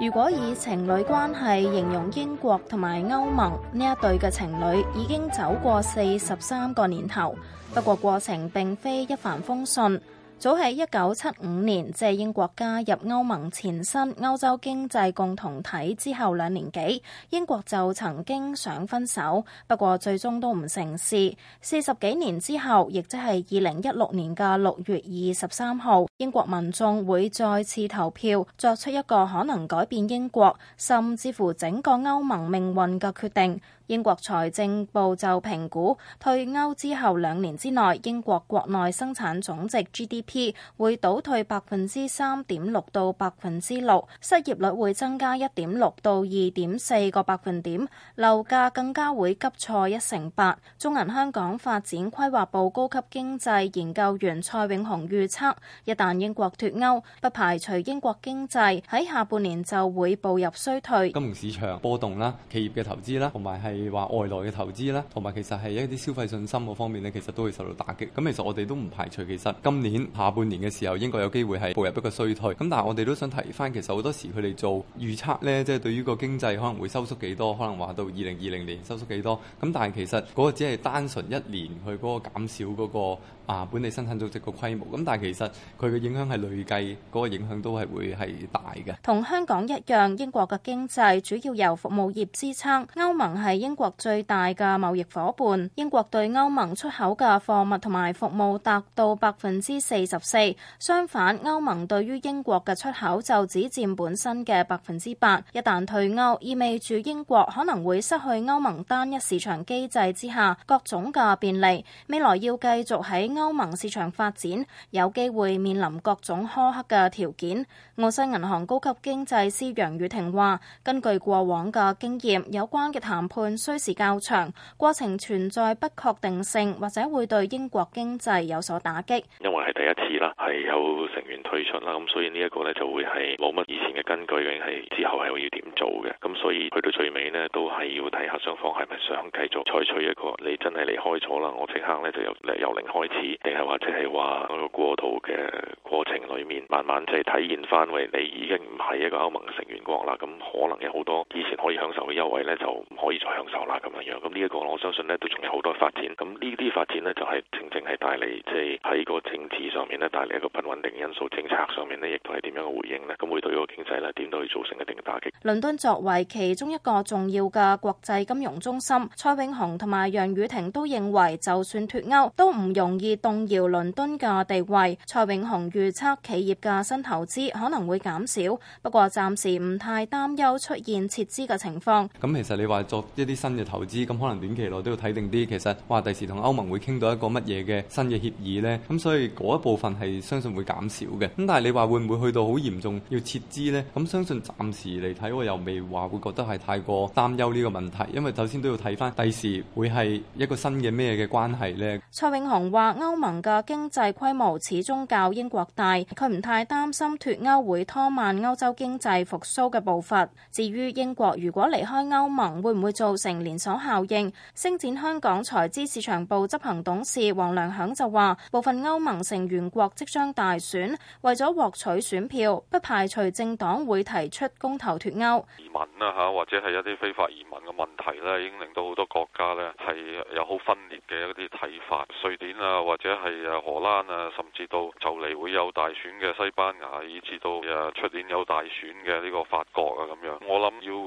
如果以情侶關係形容英國同埋歐盟，呢一對嘅情侶已經走過四十三個年頭，不過過程並非一帆風順。早喺一九七五年，即係英國加入歐盟前身歐洲經濟共同體之後兩年幾，英國就曾經想分手，不過最終都唔成事。四十幾年之後，亦即係二零一六年嘅六月二十三號，英國民眾會再次投票，作出一個可能改變英國甚至乎整個歐盟命運嘅決定。英國財政部就評估，退歐之後兩年之內，英國國內生產總值 GDP 會倒退百分之三點六到百分之六，失業率會增加一點六到二點四個百分點，樓價更加會急挫一成八。中銀香港發展規劃部高級經濟研究員蔡永雄預測，一旦英國脱歐，不排除英國經濟喺下半年就會步入衰退。金融市場波動啦，企業嘅投資啦，同埋系。話外來嘅投資啦，同埋其實係一啲消費信心嗰方面呢，其實都會受到打擊。咁其實我哋都唔排除，其實今年下半年嘅時候，英國有機會係步入一個衰退。咁但係我哋都想提翻，其實好多時佢哋做預測呢，即係對於個經濟可能會收縮幾多，可能話到二零二零年收縮幾多。咁但係其實嗰個只係單純一年去嗰個減少嗰個啊本地生產總值個規模。咁但係其實佢嘅影響係累計，嗰個影響都係會係大嘅。同香港一樣，英國嘅經濟主要由服務業支撐，歐盟係英國最大嘅貿易夥伴，英國對歐盟出口嘅貨物同埋服務達到百分之四十四。相反，歐盟對於英國嘅出口就只佔本身嘅百分之八。一旦退歐，意味住英國可能會失去歐盟單一市場機制之下各種嘅便利。未來要繼續喺歐盟市場發展，有機會面臨各種苛刻嘅條件。澳西銀行高級經濟師楊雨婷話：根據過往嘅經驗，有關嘅談判需時較長，過程存在不確定性，或者會對英國經濟有所打擊。因為係第一次啦，係有成員退出啦，咁所以呢一個呢，就會係冇乜以前嘅根據，係之後係會要點做嘅。咁所以去到最尾呢，都係要睇下雙方係咪想繼續採取一個你真係離開咗啦，我即刻呢就有由零開始，定係即係話喺個過渡嘅過程裡面，慢慢就係體現翻為你已經唔係一個歐盟成員國啦。咁可能有好多以前可以享受嘅優惠呢，就唔可以再享受。啦咁樣樣，咁呢一個我相信呢都仲有好多發展，咁呢啲發展呢，就係正正係帶嚟即係喺個政治上面呢，帶嚟一個不穩定因素，政策上面呢，亦都係點樣嘅回應呢？咁會對個經濟呢點都會造成一定嘅打擊。倫敦作為其中一個重要嘅國際金融中心，蔡永雄同埋楊雨婷都認為，就算脫歐都唔容易動搖倫敦嘅地位。蔡永雄預測企業嘅新投資可能會減少，不過暫時唔太擔憂出現撤資嘅情況。咁其實你話作一啲新嘅投資，咁可能短期內都要睇定啲。其實哇，第時同歐盟會傾到一個乜嘢嘅新嘅協議咧，咁所以嗰一部分係相信會減少嘅。咁但係你話會唔會去到好嚴重要撤資咧？咁相信暫時嚟睇，我又未話會覺得係太過擔憂呢個問題，因為首先都要睇翻第時會係一個新嘅咩嘅關係咧。蔡永雄話歐盟嘅經濟規模始終較英國大，佢唔太擔心脫歐會拖慢歐洲經濟復甦嘅步伐。至於英國如果離開歐盟，會唔會做成連鎖效應。星展香港財資市場部執行董事黃良響就話：部分歐盟成員國即將大選，為咗獲取選票，不排除政黨會提出公投脫歐。移民吓，或者係一啲非法移民嘅問題咧，已經令到好多國家咧係有好分裂嘅一啲睇法。瑞典啊，或者係荷蘭啊，甚至到就嚟會有大選嘅西班牙，以至到出年有大選嘅呢個法國啊咁樣，我諗要。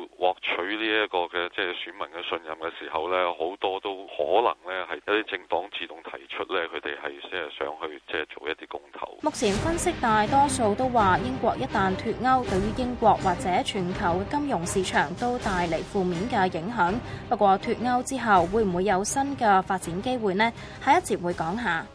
於呢一個嘅即係選民嘅信任嘅時候咧，好多都可能咧係一啲政黨自動提出咧，佢哋係即係想去即係做一啲公投。目前分析大多數都話英國一旦脫歐，對於英國或者全球金融市場都帶嚟負面嘅影響。不過脫歐之後會唔會有新嘅發展機會呢？下一節會講下。